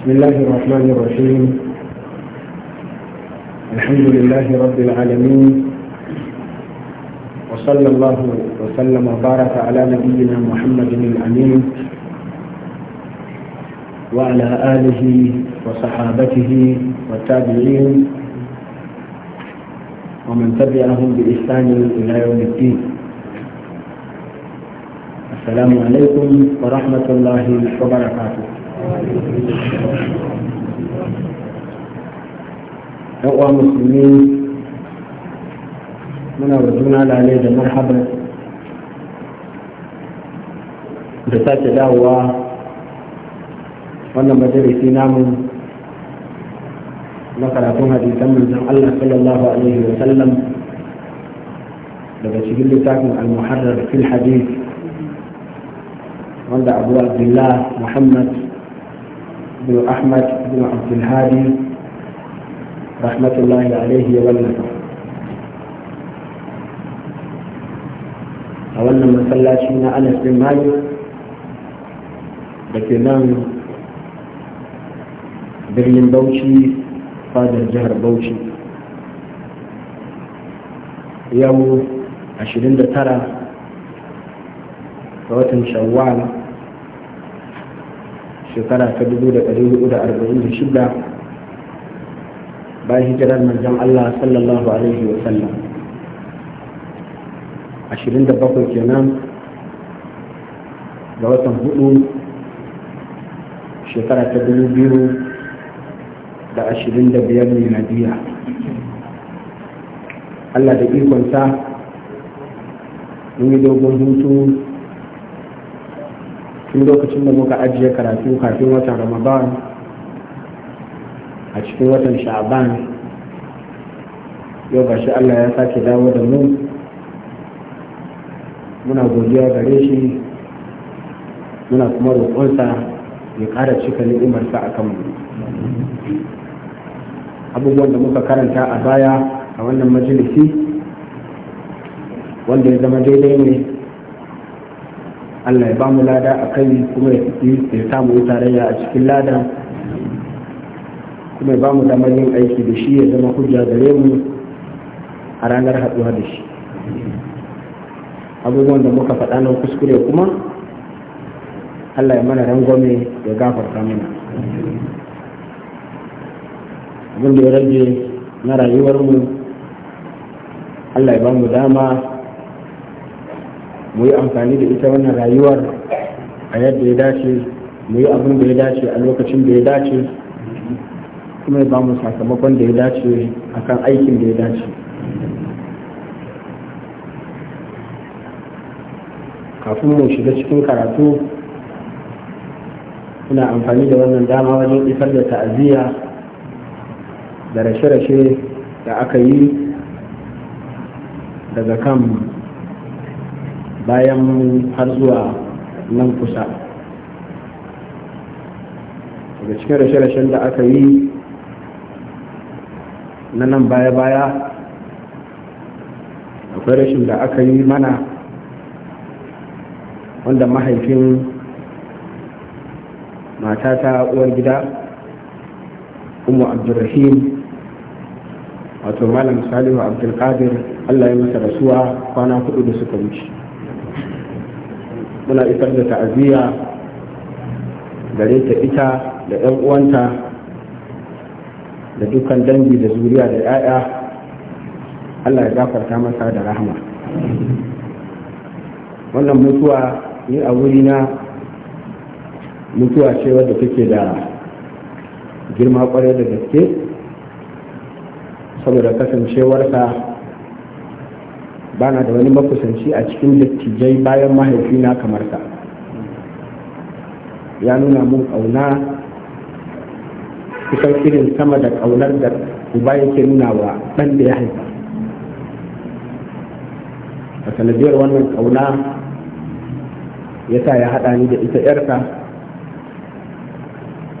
بسم الله الرحمن الرحيم الحمد لله رب العالمين وصلى الله وسلم وبارك على نبينا محمد الامين وعلى اله وصحابته والتابعين ومن تبعهم باحسان الى يوم الدين السلام عليكم ورحمه الله وبركاته يقوى مسلمين من أرجونا على ليدة مرحبا رسالة دعوة وانا مدرسي نامو نقرأ فيها دي تمنزل الله صلى الله عليه وسلم لما تقول لي تاكم المحرر في الحديث وانا أبو عبد الله محمد بن احمد بن عبد الهادي رحمه الله عليه يولد اولا من صلى شينا انس بن مالك لكن نعم برلين بوشي فاز الجهر بوشي يوم عشرين ترى فوتن شوال shekara ta dubu da ɗari hudu da arba'in da shida bayan hijirar manzon Allah sallallahu alaihi wa sallam ashirin da bakwai kenan ga watan hudu shekara ta dubu biyu da ashirin da biyar miladiya Allah da ikonta mun yi dogon hutu tun lokacin da muka ajiye karatu kafin watan ramadan a cikin watan sha'aban yau ga shi allah ya sake dawo da mu muna godiya gare shi muna kuma roƙonsa ya ƙara cika ni'imarsa a kanmu abubuwan da muka karanta a baya a wannan majalisi wanda ya zama daidai ne Allah ya bamu lada a kai kuma ya samu yi tarayya a cikin lada kuma ya bamu damar yin aiki da shi ya zama hujja gare mu a ranar haɗuwa da shi abubuwan da muka faɗa na kuskure kuma Allah ya mana rangwame ya gafarta mana abin da ya rage na rayuwarmu Allah ya bamu dama mu yi amfani da ita wannan rayuwar a yadda ya dace mu yi abin da ya dace a lokacin da ya dace kuma bamu ba mu sakamakon da ya dace akan aikin da ya dace kafin mu shiga cikin karatu ina amfani da wannan dama wajen isar da ta'aziyya da rashe-rashe da aka yi daga kan bayan har zuwa nan kusa daga cikin rashe-rashen da aka yi na nan baya-baya akwai rashin da aka yi mana wanda mahaifin matata uwar gida umu abdulrahim wato malam salihu abdulkadir allah ya masa rasuwa kwana hudu da suka wuce muna isar da ta'aziyya gare ta ita da 'yan uwanta da dukkan dangi da zuriya da 'ya'ya allah ya gafarta masa da rahama wannan mutuwa ni a wurina mutuwa ce wadda take da girma kwarai da gaske saboda kasancewarsa Bana da wani makusanci a cikin dattijai bayan mahaifina kamar ka ya nuna mun ƙauna kusan irin sama da ƙaunar da uba yake nuna wa ɗan da ya haifa a sanadiyar wannan ƙauna ya sa ya haɗa ni da ita 'yarka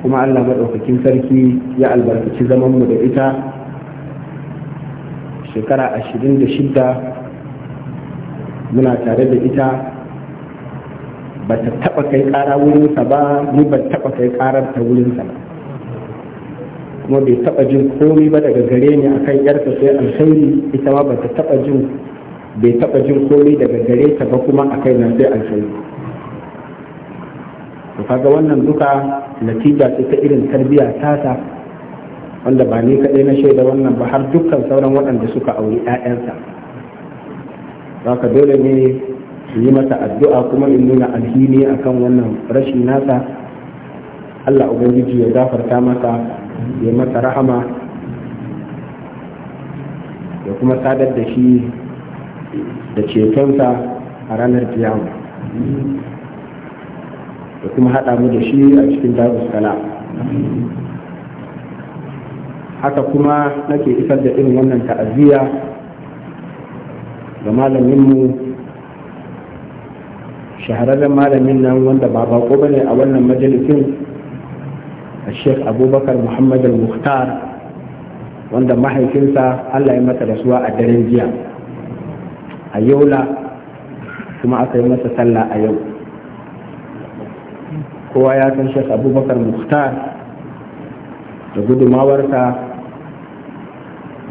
kuma allah maɗaukakin sarki ya albarkaci zamanmu da ita shekara ashirin da shidda muna tare da ita ba ta taɓa kai ƙara wurinsa ba ni ba taɓa kai ƙarar ta wurinsa ba kuma bai taɓa jin komai ba daga gare ni akan yarsa sai alkhairi ita ma ba ta taɓa jin bai taɓa jin komai daga gare ta ba kuma akai na sai alkhairi to kaga wannan duka natija ce ta irin tarbiyya tata wanda ba ni kaɗai na shaida wannan ba har dukkan sauran waɗanda suka auri 'ya'yansa haka dole ne su yi mata addu'a kuma in nuna alhini kan wannan rashi nasa Allah Ubangiji ya gafarta mata ya masa rahama ya kuma sadar da shi da cetonsa a ranar kiyama da kuma haɗa mu da shi a cikin darus kala haka kuma nake isar da irin wannan ta'aziyya ga malaminmu shahararren malamin nan wanda ba bako ba ne a wannan majalisin a sheikh abubakar muhammad al-muhtar wanda mahaifinsa allah ya mata rasuwa a daren jiya a yola kuma aka yi masa sallah a yau kowa ya san sheikh abubakar Muktar da gudumawarsa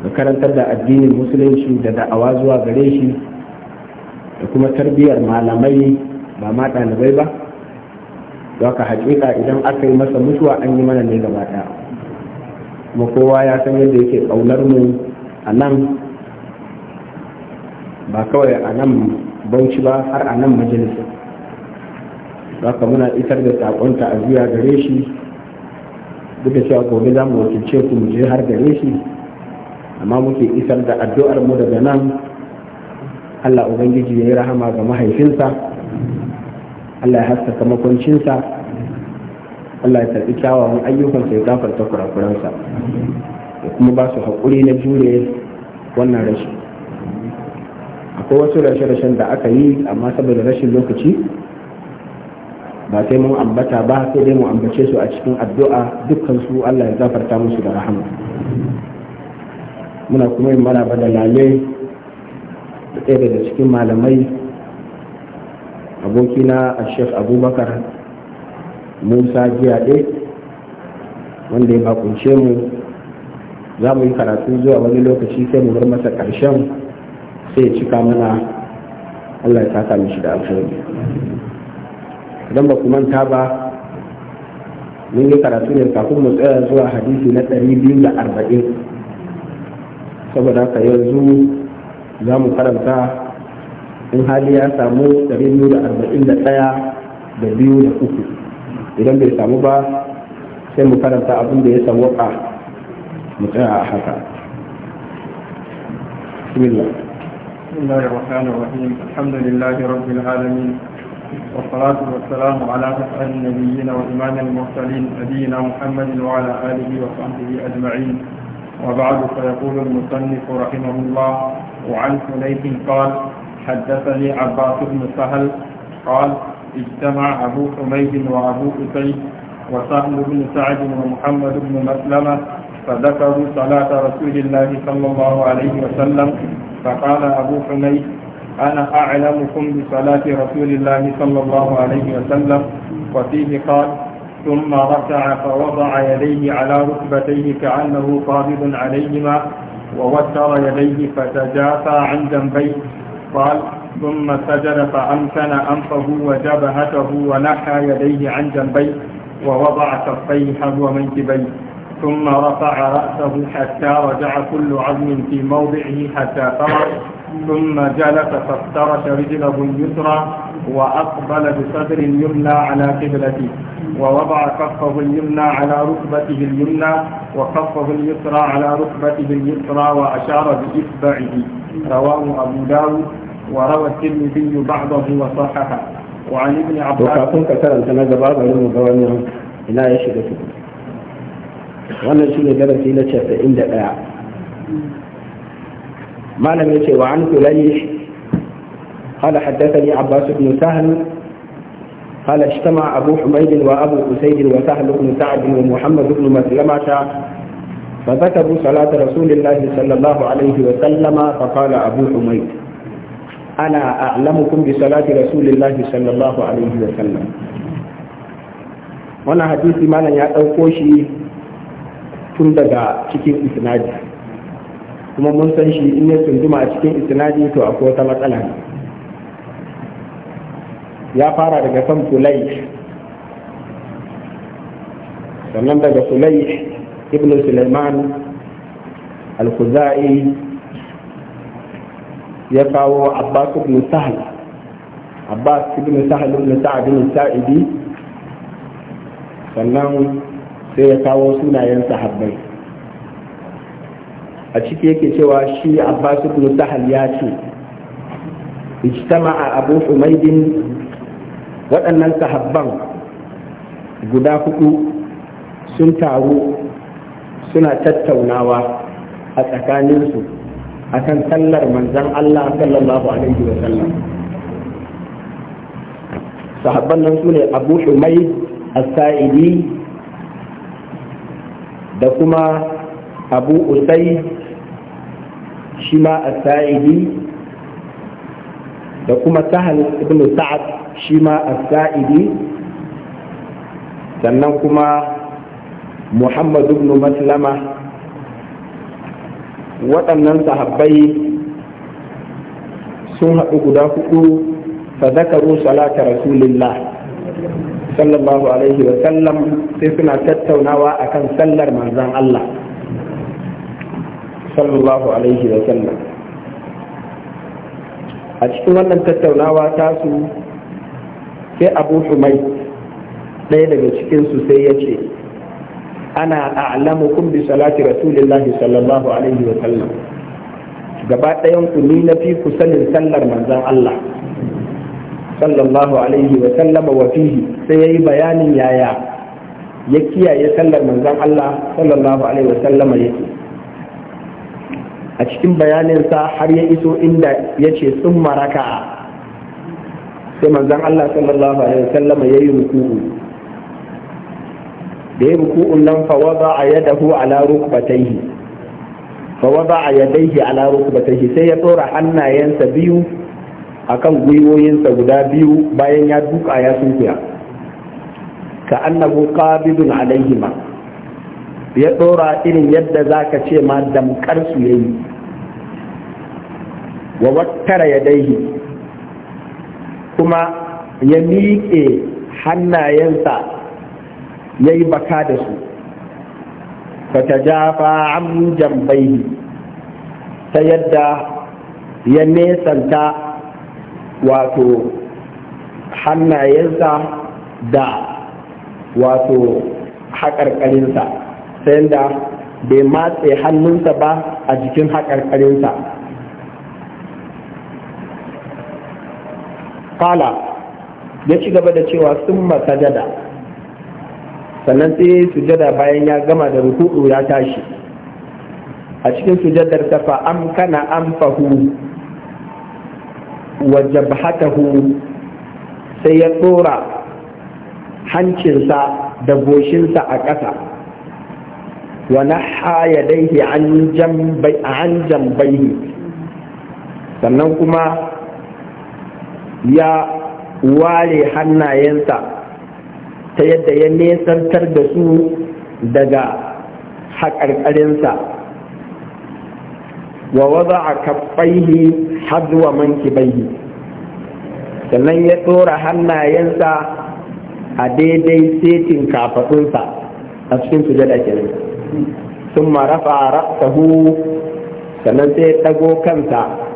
da karantar da addinin musulunci da da'awa zuwa gare shi da kuma tarbiyyar malamai ba ma ɗalibai ba za ka haƙiƙa idan aka yi masa mutuwa an yi mana ne gaba ɗaya kuma kowa ya san yadda yake ƙaunar mu a nan ba kawai a nan bauchi ba har a nan majalisa za ka muna itar da saƙon ta'aziyya gare shi duk da cewa gobe za mu wakilce ku mu je har gare shi amma muke isar da addu'ar mu daga nan Allah ubangiji ya yi rahama ga mahaifinsa Allah ya haskaka makwancinsa Allah ya karɓi kyawawan ayyukansa ya gafarta kurakuransa ya kuma ba su haƙuri na jure wannan rashin akwai wasu rashe-rashen da aka yi amma saboda rashin lokaci ba sai mun ambata ba sai dai mu ambace su a cikin addu'a dukkan su Allah ya zafarta musu da rahama muna kuma yin mara da lale da ɗaya daga cikin malamai abokina a sheikh abubakar musa jiyaɗe wanda ya bakunce mu za mu yi karatu zuwa wani lokaci sai mu bar masa ƙarshen sai ya cika mana allah ya saka mishi da alfahari idan ba ku manta ba mun yi karatu ne kafin mu tsaya zuwa hadisi na ɗari biyu arba'in. saboda haka yanzu za mu karanta in hali ya samu 241 da biyu da uku idan bai samu ba sai mu karanta abin da ya samu a mu tsaya a haka bismillah بسم الله الرحمن الرحيم الحمد لله رب العالمين والصلاة والسلام على أسعد النبيين وإمام المرسلين نبينا محمد وعلى آله وصحبه أجمعين وبعد فيقول المصنف رحمه الله وعن سليف قال حدثني عباس بن سهل قال اجتمع أبو حميد وأبو أسيد وسهل بن سعد ومحمد بن مسلمة فذكروا صلاة رسول الله صلى الله عليه وسلم فقال أبو حميد أنا أعلمكم بصلاة رسول الله صلى الله عليه وسلم وفيه قال ثم ركع فوضع يديه على ركبتيه كأنه قابض عليهما ووتر يديه فتجافى عن جنبيه قال ثم سجد فأمكن أنفه وجبهته ونحى يديه عن جنبيه ووضع كفيه حذو منكبيه ثم رفع رأسه حتى رجع كل عظم في موضعه حتى فرغ ثم جلس فافترش رجله اليسرى وأقبل بصدر يمنى على قبلته ووضع كفه اليمنى على ركبته اليمنى وكفه اليسرى على ركبته اليسرى وأشار بإصبعه رواه أبو داود وروى الترمذي بعضه وصححه وعن ابن عباس وكافون كثيرا تنادى بعض علوم الغواني لا يشهد فيه وأنا shi ne darasi na casa'in da ɗaya malam ya ce wa قال حدثني عباس بن سهل قال اجتمع أبو حميد وأبو أسيد وسهل بن سعد ومحمد بن مسلمة فذكروا صلاة رسول الله صلى الله عليه وسلم فقال أبو حميد أنا أعلمكم بصلاة رسول الله صلى الله عليه وسلم wannan hadisi malam ya ɗauko shi tun daga cikin isnadi kuma mun san shi in ya tunduma a cikin isnadi to akwai wata matsala ne ya fara daga kan sulai sannan daga sulai ibn suleiman al-khuzai ya kawo abbas ibn sahl abbas ibn sahl ibn sa'ad ibn sa'idi sannan sai ya kawo sunayen sahabbai a ciki yake cewa shi abbas ibn sahl ya ce اجتمع أبو حميد waɗannan sahabban guda hudu sun taru suna tattaunawa a tsakaninsu akan sallar manzan Allah sallallahu alaihi wa sallam sahabban nan su ne abu shumai a saidi da kuma abu usai shi ma as-sa'idi da kuma sahal ibn sa'ad shi ma as-sa'idi sannan kuma Muhammadu ibn maslama waɗannan sahabbai sun haɗu guda hudu fa zakaru salata rasulillah sallallahu alaihi wa sallam sai suna tattaunawa akan sallar manzan Allah sallallahu alaihi wa sallam a cikin wannan tattaunawa tasu sai abu humai ɗaya daga cikinsu sai ya ce ana kun bi salati rasulillahi sallallahu alaihi wa sallam gaba ɗayan ku ni na fi ku sanin sallar manzan Allah sallallahu alaihi wa sallam wa fihi sai yayi bayanin yaya ya kiyaye sallar manzan Allah sallallahu alaihi wa sallam, yake a cikin bayanin sa har ya iso inda yace summa raka'a sai manzon Allah sallallahu alaihi wasallam yayi ruku'u da yayi ruku'un nan fa wada'a yadahu ala rukbatayhi fa wada'a yadayhi ala rukbatayhi sai ya tsora hannayensa biyu akan gwiwoyinsa guda biyu bayan ya duka ya sunkuya ka annahu qabidun alaihima ya tsora irin yadda zaka ce ma damkar su yayi wa wattara yadayhi kuma ya miƙe hannayensa ya yi baka da su fata jafa an jambaihi ta yadda ya nesanta wato hannayensa da wato haƙarƙarinsa ta yadda bai matse hannunsa ba a jikin haƙarƙarinsa kala ya ci gaba da cewa sun jada, sannan sai su jada sujada bayan ya gama da ruku'u ya tashi a cikin sujadar ta fa amkana amfahu wa jabhatahu sai ya tsora hancinsa da goshinsa a ƙasa wa naha dai an jambaihi sannan kuma ya ware hannayensa ta yadda ya nesantar da su daga haƙarƙarinsa wa waza a kaɓaihi hazuwa mankibaihi sannan ya tsora hannayensa a daidai setin kafaɗunsa a cikin jada kenan sun marafa ra'sahu sannan sai ya ɗago kansa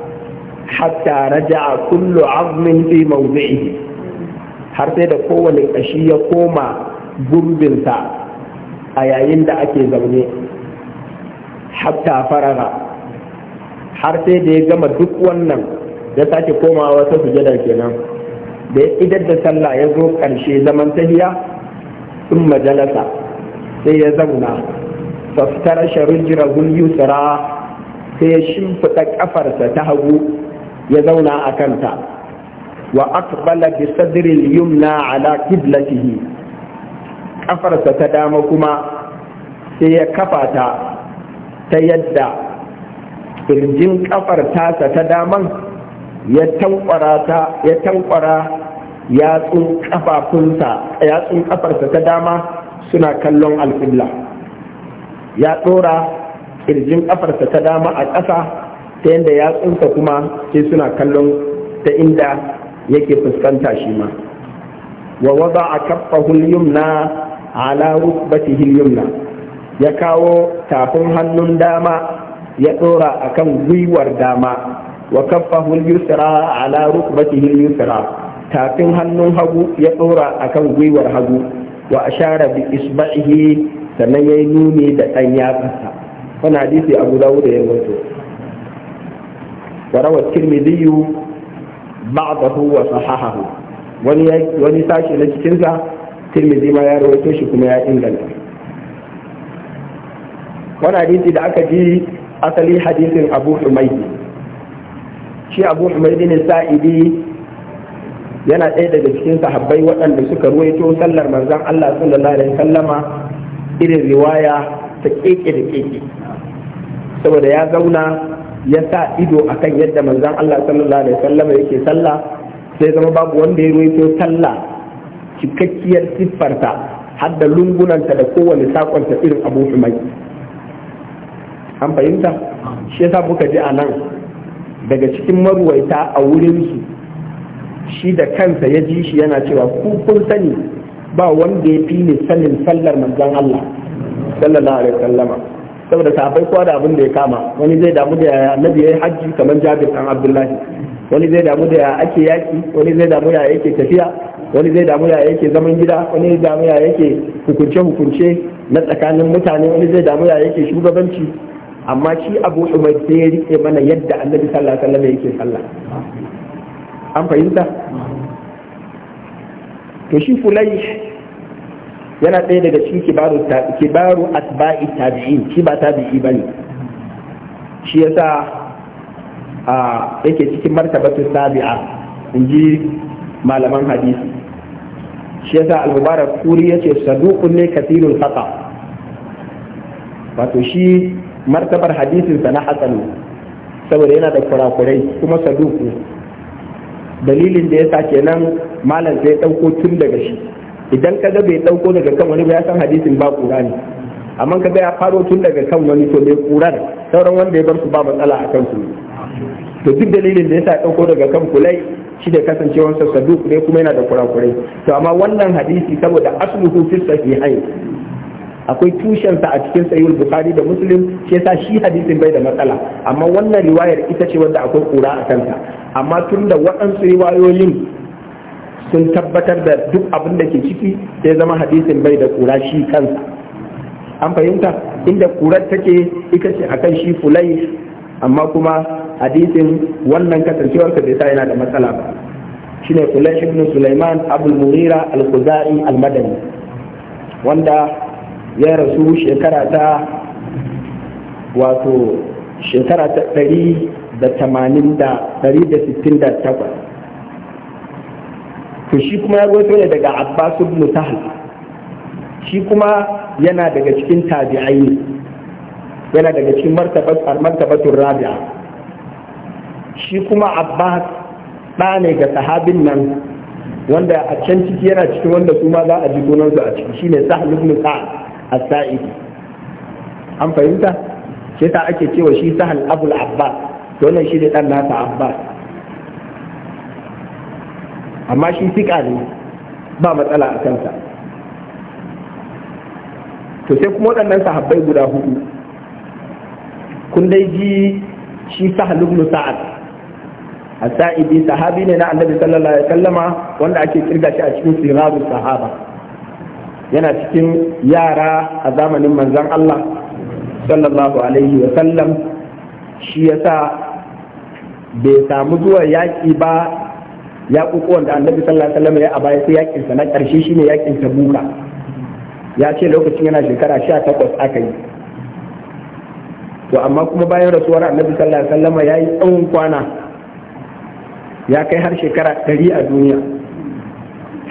hatta a kullu azmin fi mawdi'ihi har sai da kowane kashi ya koma gurbinsa a yayin da ake zaune hatta faraga har sai da ya gama duk wannan ya sake komawa wata sujada kenan da ya idar da sallah ya zo karshe zaman tahiya sun majalasa sai ya zauna faftara sharin jiragul yusra sai ya shimfiɗa ƙafarsa ta hagu ya zauna a kanta wa aqbala bi sadri yumna ala qiblatihi kafarsa ta dama kuma sai ya kafa ta ta yadda kirjin kafar tasa ta daman ya tankwara ta ya tankwara yatsun kafafunsa yatsun kafarsa ta dama suna kallon al-qibla ya ɗora ƙirjin ƙafarsa ta dama a ƙasa ta yadda ya tsinka kuma sai suna kallon ta inda yake fuskanta shi ma wa wada a kaffahul yumna ala rukbatihil yumna ya kawo tafin hannun dama ya tsora a kan gwiwar dama wa kaffahul yusra ala rukbatihil yusra tafin hannun hagu ya tsora a kan gwiwar hagu wa ashara bi isba'ihi sannan ya yi nuni da ɗan yatsarsa wani hadisi abu dawud ya wato. وروى الترمذي بعضه وصححه wani sashi na cikinsa tirmidhi ma ya rawaito shi kuma ya inganta wani hadisi da aka ji asali hadisin abu humaydi shi abu humaydi ne sa'idi yana ɗaya daga cikin sahabbai waɗanda suka ruwaito sallar manzon Allah sallallahu alaihi sallama irin riwaya ta keke da keke saboda ya zauna ya sa ido a kan yadda manzon Allah sallallahu alaihi wasallam yake sallah sai zama babu wanda ya ruwaito sallah cikakkiyar siffarta har da lungunanta da kowane sakonta irin Abu mai. an fahimta shi yasa muka ji a nan daga cikin maruwaita a wurinsu shi da kansa ya ji shi yana cewa ku kun sani ba wanda ya fi ni sanin sallar manzan Allah sallallahu alaihi wasallam saboda sahabbai kowa da abin da ya kama wani zai damu da yaya annabi yayi hajji kamar Jabir dan Abdullahi wani zai damu da yaya ake yaki wani zai damu yaya yake tafiya wani zai damu yaya yake zaman gida wani zai damu yaya yake hukunce hukunce na tsakanin mutane wani zai damu yaya yake shugabanci amma shi Abu Umar sai ya rike mana yadda annabi sallallahu alaihi wasallam yake sallah an fahimta to shi fulai yana ɗaya daga cikin kibaru kibaru atba'i tabi'in shi ba tabi'i bane shi yasa a yake cikin martabatu sabi'a inji malaman hadisi shi yasa al-mubarak kuri yace saduqun ne kathirul khata wato shi martabar hadisin sa na hasan saboda yana da kurakurai kuma saduƙu. dalilin da yasa kenan malam zai dauko tun daga shi idan kaga bai dauko daga kan wani ba ya san hadisin ba qur'ani amma kaga ya faro tun daga kan wani to bai quran sauran wanda ya bar su ba matsala a kansu to duk dalilin da yasa dauko daga kan kulai shi da kasancewar sa saduk ne kuma yana da kurakurai to amma wannan hadisi saboda asluhu fi sahihain akwai tushensa a cikin sayyid bukhari da muslim shi yasa shi hadisin bai da matsala amma wannan riwayar ita ce wanda akwai kura a kanta amma tun da waɗansu riwayoyin sun tabbatar da duk abin da ke ciki ya zama hadisin bai da kura shi kansa an fahimta inda kurar take ita ce akan shi fulai amma kuma hadisin wannan kasancewar ka bai sa yana da matsala ba shine fulai ibn sulaiman abul mughira al-khuzai al-madani wanda ya rasu shekara ta wato shekara ta takwas. to shi kuma ya rawaito ne daga Abbas ibn Sahl shi kuma yana daga cikin tabi'ai yana daga cikin martabatun rabi'a shi kuma Abbas ɗa ne ga sahabin nan wanda a can ciki yana cikin wanda su ma za a ji sunansu a ciki shi ne Sahl ibn Sa'd as-Sa'idi an fahimta sai ta ake cewa shi Sahal Abul Abbas to wannan shi ne dan nasa Abbas amma shi siƙa ne ba matsala a kansa to sai kuma waɗannan sahabbai guda hudu kun dai ji shi sahal ibn sa'ad as-sa'idi sahabi ne na annabi sallallahu alaihi wasallama wanda ake kirga shi a cikin sirrul sahaba yana cikin yara a zamanin manzon Allah sallallahu alaihi wasallam shi yasa bai samu zuwa yaƙi ba ya kuku wanda annabi sallallahu alaihi wasallam ya a baya sai yakin sa na karshe shine yakin tabuka ya ce lokacin yana shekara 18 aka yi to amma kuma bayan rasuwar annabi sallallahu alaihi wasallam ya yi tsawon kwana ya kai har shekara 100 a duniya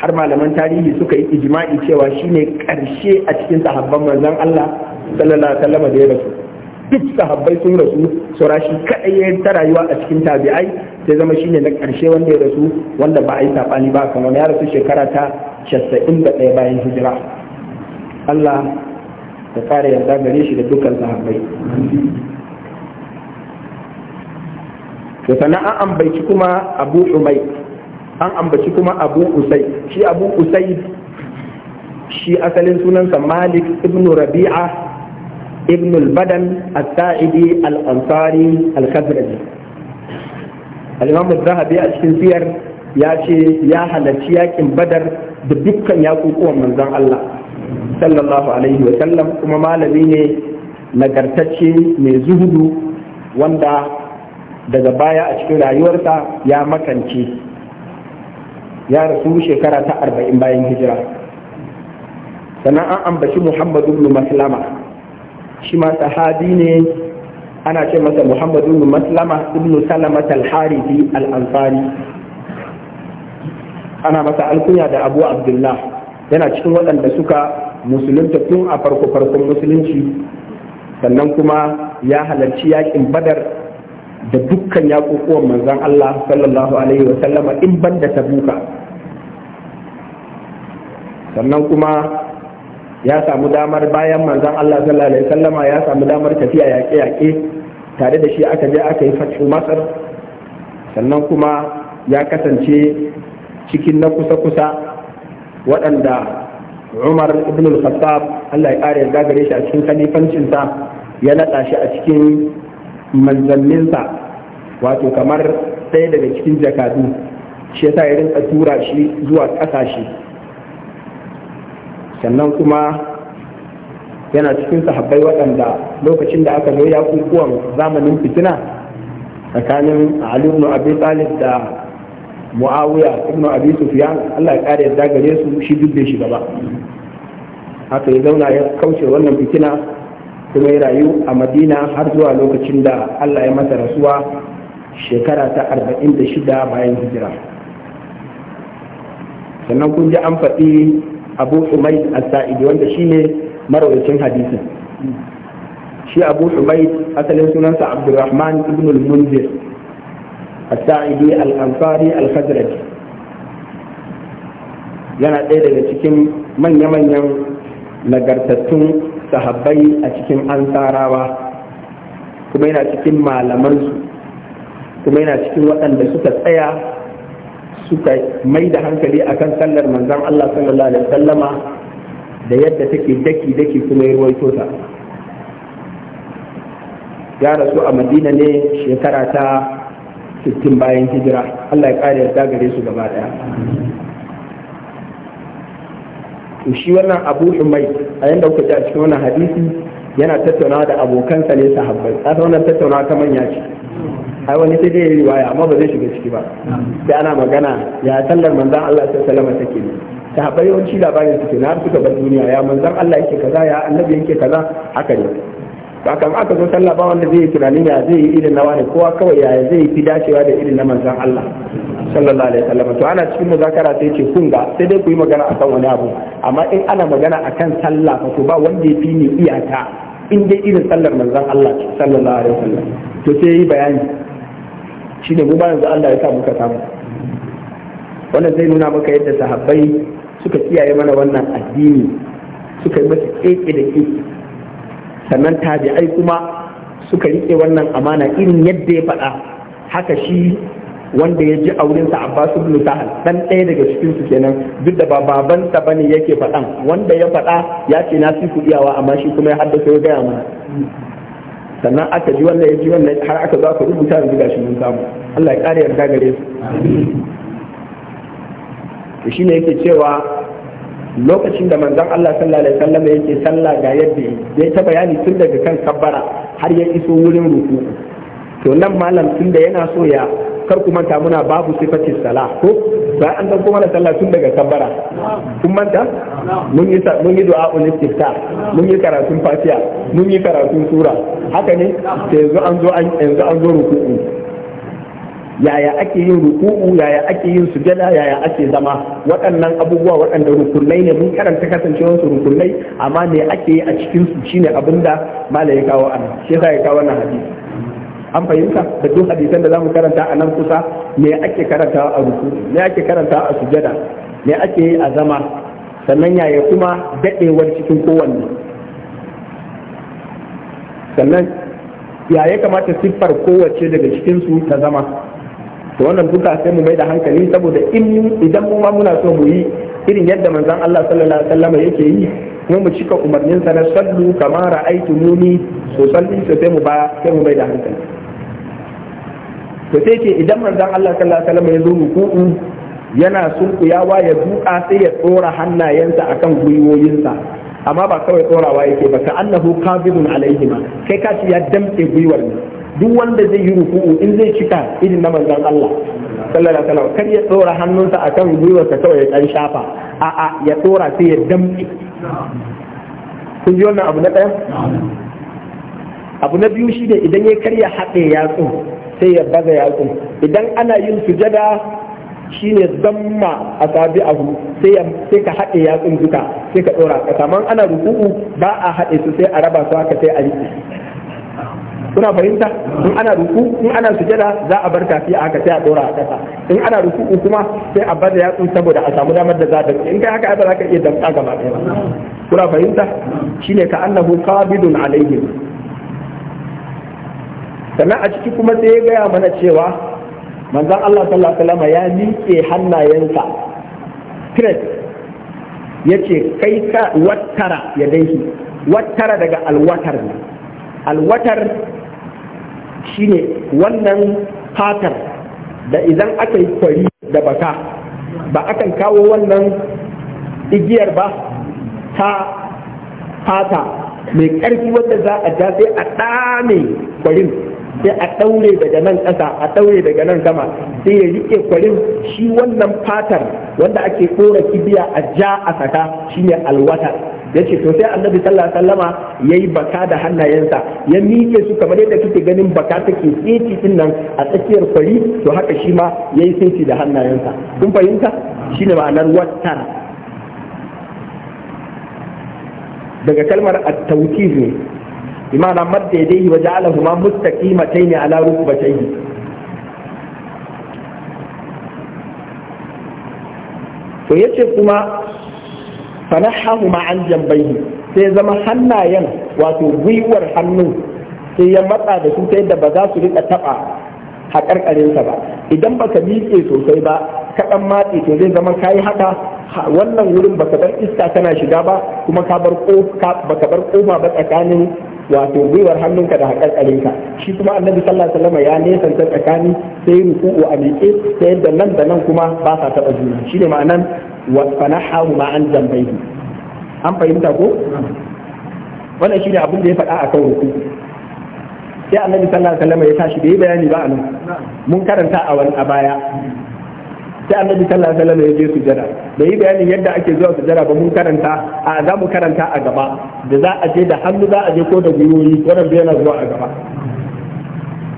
har malaman tarihi suka yi ijma'i cewa shine karshe a cikin sahabban manzon Allah sallallahu alaihi wasallam da ya rasu duk sahabbai sun rasu saurashi shi kadai ya ta rayuwa a cikin tabi'ai sai zama shine na ƙarshe wanda ya rasu wanda ba a yi saɓani ba kuma ya rasu shekara ta casa'in da ɗaya bayan hijira Allah ya fara yarda gare shi da dukkan sahabbai to sannan an ambaci kuma abu Umay an ambaci kuma abu Usay shi abu Usay shi asalin sunansa malik ibn rabi'a ibn al-badan al-sa'idi al-ansari al-khazraji al zahabi a cikin siyar ya ce ya halarci yakin badar da dukkan yakukuwan manzon Allah sallallahu alaihi wa sallam kuma malami ne nagartacce mai zuhudu wanda daga baya a cikin rayuwarsa ya makance ya rasu shekara ta arba'in bayan hijira sannan an ambaci muhammadu bin maslama shi ma sahabi ne ana ce masa Muhammad ibn Maslama ibn Salama al al-Ansari ana masa alkunya da Abu Abdullah yana cikin waɗanda suka musulunta tun a farko farkon musulunci sannan kuma ya halarci yaƙin Badar da dukkan yakokuwan manzon Allah sallallahu alaihi wa sallama in banda Tabuka sannan kuma ya samu damar bayan manzan Allah sallallahu alaihi wasallama ya samu damar tafiya yaƙe-yaƙe tare da shi aka je aka yi fathu masar sannan kuma ya kasance cikin na kusa-kusa waɗanda Umar ibn al-Khattab Allah ya ƙara ya gare shi a cikin khalifancinsa ya naɗa shi a cikin manzanninsa wato kamar ɗaya daga cikin jakadu shi yasa ya rinka tura shi zuwa ƙasashe sannan kuma yana cikin sahabbai waɗanda lokacin da aka zo ya kukuwan zamanin fitina tsakanin Ali ibn Abi Talib da Muawiya ibn Abi Sufyan Allah ya kare yadda gare su shi duk bai shiga ba haka ya zauna ya kauce wannan fitina kuma ya rayu a Madina har zuwa lokacin da Allah ya masa rasuwa shekara ta 46 bayan hijira sannan kun ji an faɗi abu humaid Al saidi wanda shine marawacin hadisin shi abu humaid asalin sunansa abdurrahman ibn al-munzir al saidi al-ansari al-khazraji yana ɗaya daga cikin manya-manyan nagartattun sahabbai a cikin ansarawa kuma yana cikin malamansu kuma yana cikin waɗanda suka tsaya suka mai da hankali akan sallar manzon Allah sallallahu alaihi wasallama da yadda take daki daki kuma ya ruwaito ta ya rasu a madina ne shekara ta 60 bayan hijira Allah ya kare yarda gare su gaba daya shi wannan abu mai a yadda kuka ji a cikin wannan hadisi yana tattaunawa da abokansa ne sahabbai a wannan tattaunawa ta manya ce ai wani sai dai riwaya amma ba zai shiga ciki ba sai ana magana ya sallar manzon Allah sallallahu alaihi wasallam take ne ta haɓar yawanci labarin suke na suka bar duniya ya manzon Allah yake kaza ya annabi yake kaza haka ne ba kan aka zo sallah ba wanda zai yi tunanin ya zai yi irin na wani kowa kawai ya zai fi dacewa da irin na manzon Allah sallallahu alaihi wasallam to ana cikin muzakara sai ce kun ga sai dai ku yi magana akan wani abu amma in ana magana akan sallah fa to ba wanda ya fi ni iyaka in dai irin sallar manzon Allah sallallahu alaihi wasallam to sai yi bayani shi ne mu ba yanzu Allah ya sa muka samu wannan zai nuna maka yadda sahabbai suka kiyaye mana wannan addini suka yi masa keke da keke sannan tabi'ai kuma suka rike wannan amana irin yadda ya faɗa haka shi wanda ya ji a wurinsa Abbas ibn Sahal dan ɗaya daga cikin su kenan duk da ba babansa bane yake faɗan wanda ya faɗa ya ce na fi kudiyawa amma shi kuma ya haddasa ya gaya mana sannan aka ji wannan ya ji wannan har aka zo aka rubuta da gashi mun samu Allah ya kare yarda gare su shi ne yake cewa lokacin da manzon Allah sallallahu alaihi wasallam yake sallah ga yadda ya ta bayani tun daga kan kabbara har ya iso wurin ruku'u to nan malam tun da yana so ya kar ku manta muna babu sifatin sala ko sai an dauko mana sallah tun daga kabbara kun manta mun yi mun yi du'a ul istifta mun yi karatun fatiha mun yi karatun sura haka ne sai yanzu an zo an yanzu an zo ruku'u yaya ake yin ruku'u yaya ake yin sujada yaya ake zama waɗannan abubuwa waɗanda rukunai ne mun karanta kasancewar su rukunai amma me ake yi a cikin su shine abinda malai ya kawo ana shi yasa ya kawo wannan hadisi an fahimta da duk hadisan da zamu karanta a nan kusa me ake karanta a ruku me ake karanta a sujada me ake yi a zama sannan yaya kuma dadewar cikin kowanne sannan yaya kamata siffar kowace daga cikin su ta zama to wannan duka sai mu mai da hankali saboda in idan mu ma muna so mu yi irin yadda manzon Allah sallallahu alaihi wasallam yake yi kuma mu cika umarnin sa na sallu kamar kama muni so sallin sai mu ba sai mu mai da hankali to sai ce idan manzon Allah sallallahu alaihi wasallam ya zo ruku'u yana sunkuyawa ya duka sai ya tsora hannayensa akan gwiwoyinsa amma ba kawai tsorawa yake ba ka annahu qabidun alaihima kai ka ya damke gwiwar ne duk wanda zai yi ruku'u in zai cika irin na manzon Allah sallallahu alaihi wasallam kar ya tsora hannunsa akan gwiwarsa kawai ya dan shafa a a ya tsora sai ya damke kun ji wannan abu na ɗaya abu na biyu shi ne idan ya karya haɗe yatsu sai ya baza yatsun idan ana yin sujada shine zamma a a abu sai ka haɗe yatsun duka sai ka ɗora ka saman ana ruku'u ba a haɗe su sai a raba su haka sai a yi kuna fahimta in ana ruku in ana sujada za a bar tafi a haka sai a ɗora a kasa in ana ruku'u kuma sai a bada yatsun saboda a samu damar da za ta in kai haka ba za ka iya damƙa gaba ɗaya kuna fahimta shine ka annahu qabidun alaihim sannan a ciki kuma sai ya gaya mana cewa manzan Allah sallallahu alaihi wasallam ya miƙe hannayensa ya ce kai ka wattara ya dai wattara daga alwatar ne alwatar shine wannan fatar da idan aka yi kwari da baka ba akan kawo wannan igiyar ba ta fata mai ƙarfi wanda za a ja sai a ɗame kwarin sai a ɗaure daga nan ƙasa a ɗaure daga nan sama sai ya riƙe kwarin shi wannan fatar wanda ake ɗora kibiya a ja a saka shine alwata ya ce sosai sai annabi sallallahu alaihi wasallama ya yi baka da hannayensa ya miƙe su kamar yadda kike ganin baka take tsinci din nan a tsakiyar kwari to haka shi ma ya yi da hannayensa kun fahimta shine ma'anar wattar daga kalmar at ne bi ma'ana madda yadayhi wa ja'alahuma mustaqimatayn ala rukbatayhi to yace kuma fanahahuma an jambayhi sai zama hannayen wato gwiwar hannu sai ya matsa da su ta yadda ba za su rika taɓa haƙarƙarinsa ba idan baka miƙe sosai ba kaɗan ɗan matse to zai zama kayi haka wannan wurin baka bar iska tana shiga ba kuma ka bar kofa ba tsakanin wato gwiwar hannunka da haƙarƙarinka shi kuma annabi sallallahu alaihi wasallam ya nesanta tsakani sai ruku'u a miƙe sai yadda nan da nan kuma ba sa taɓa juna shine ma'anan wa fanahu ma an jambaihi an fahimta ko wannan shine abin da ya faɗa akan ruku sai annabi sallallahu alaihi wasallam ya tashi bai bayani ba anan mun karanta a wani a baya sai annabi sallallahu alaihi wasallam ya je sujada da yi bayanin yadda ake zuwa sujada ba mun karanta a za mu karanta a gaba da za a je da hannu za a je ko da gwiwoyi wannan bai yana zuwa a gaba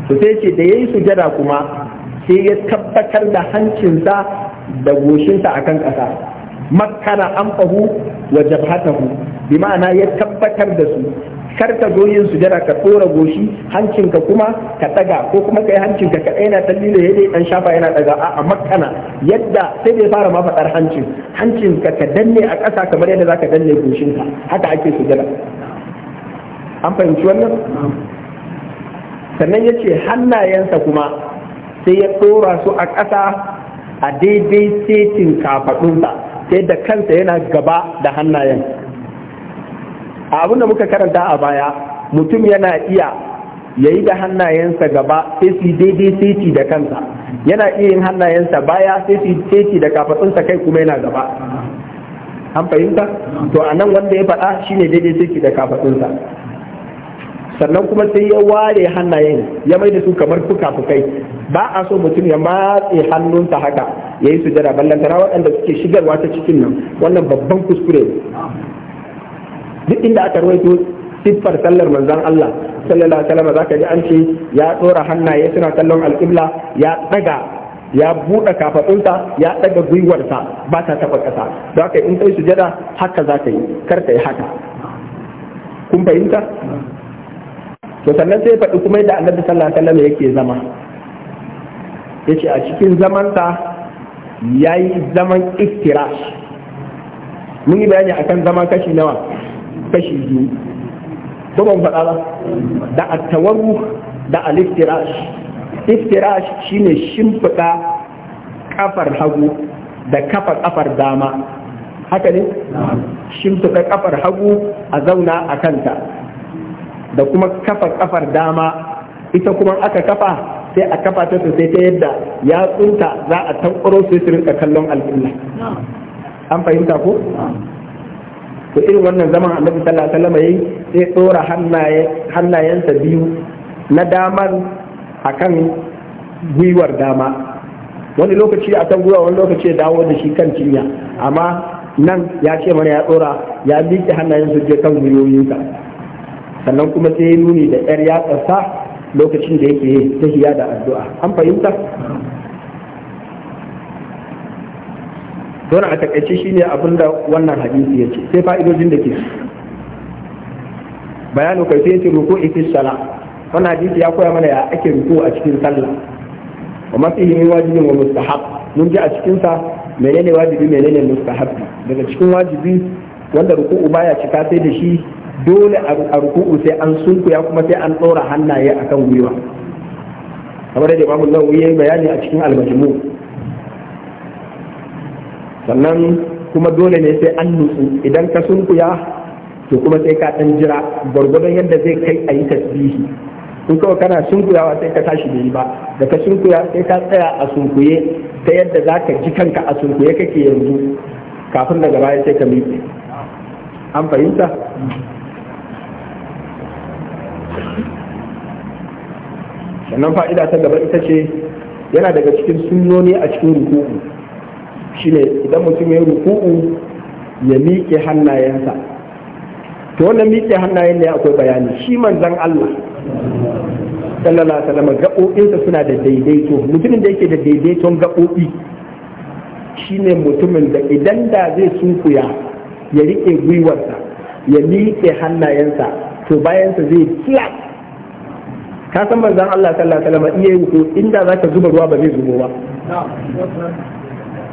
to sai ce da yayi sujada kuma sai ya tabbatar da hancinsa da goshinsa akan ƙasa. makkana fahu wa jabhatahu bi ma'ana ya tabbatar da su kar ka zo yin sujada ka tsora goshi hancinka kuma ka daga ko kuma kai hancinka ka daina tallile ya dai dan shafa yana daga a makana yadda sai bai fara ma fadar hancin hancinka ka danne a ƙasa kamar yadda zaka danne goshinka haka ake sujada an fahimci wannan sannan ya ce hannayensa kuma sai ya tsora su a ƙasa a daidai setin kafaɗunsa sai da kansa yana gaba da hannayen abin da muka karanta a baya mutum yana iya ya yi da hannayensa gaba sai su daidai seti da kansa yana iya yin hannayensa baya sai su da kafatsunsa kai kuma yana gaba an fahimta to a nan wanda ya faɗa shine daidai seti da kafatsunsa sannan kuma sai ya ware hannayen ya mai da su kamar fuka-fukai ba a so mutum ya matse hannunsa haka ya yi sujada tara waɗanda suke shigarwa ta cikin nan wannan babban kuskure duk inda aka rawaito siffar sallar manzon Allah sallallahu alaihi wasallam zaka ji an ce ya tsora hannaye suna kallon alƙibla ya daga ya buɗe kafaɗunsa ya daga gwiwarsa ba ta taɓa ƙasa don haka in kai sujada haka za ka yi kar ka yi haka kun fahimta to sannan sai faɗi kuma yadda annabi sallallahu alaihi wasallam yake zama yace a cikin zamanta yayi zaman iftirash mun yi bayani akan zama kashi nawa kashi biyu ko ban faɗa ba da at-tawarru da al-iftirash iftirash shine shimfiɗa kafar hagu da kafa kafar dama haka ne shimfiɗa kafar hagu a zauna a kanta da kuma kafa kafar dama ita kuma aka kafa sai a kafa ta sai ta yadda ya tsunta za a tankwaro sai su rinka kallon alƙilla an fahimta ko Ko irin wannan zaman annabi sallallahu alaihi wasallam yayi sai tsora hannayensa biyu na damar akan gwiwar dama wani lokaci a kan gwiwa wani lokaci ya dawo da shi kan cinya amma nan ya ce mana ya tsora ya miƙe hannayensa su je kan gwiwoyinsa sannan kuma sai ya nuni da yar yatsarsa lokacin da yake tahiya da addu'a an fahimta don a takaice shine abin da wannan hadisi ya ce sai fa'idojin da ke bayanu kai sai ruku fi sala wannan hadisi ya koya mana ya ake ruku a cikin sallah wa mafihi min wajibin wa mustahab mun ji a cikinsa, sa menene wajibi menene mustahab daga cikin wajibi wanda ruku'u baya cika sai da shi dole a ruku'u sai an sunkuya kuma sai an tsora hannaye a kan gwiwa kamar da imamu ya yi bayani a cikin al sannan kuma dole ne sai an nutsu idan ka sunkuya to kuma sai ka ɗan jira gwargwadon yadda zai kai a yi tasbihi in kawai kana sunkuyawa sai ka tashi da yi ba da ka sunkuya sai ka tsaya a sunkuye ta yadda za ka ji kanka a sunkuye kake yanzu kafin daga baya sai ka miƙe an fahimta sannan fa'ida ta gaba ita ce yana daga cikin sunnoni a cikin ruku'u ne idan mutum ya ruku'u ya miƙe hannayensa to wannan miƙe hannayen ne akwai bayani shi manzan Allah sallallahu alaihi wasallam gaɓoɓinsa suna da daidaito mutumin da yake da daidaiton gaɓoɓi ne mutumin da idan da zai sunkuya ya riƙe gwiwarsa ya miƙe hannayensa to bayansa zai kiya ka san manzon Allah sallallahu alaihi wasallam iya yin inda zaka zuba ruwa ba zai zuba ba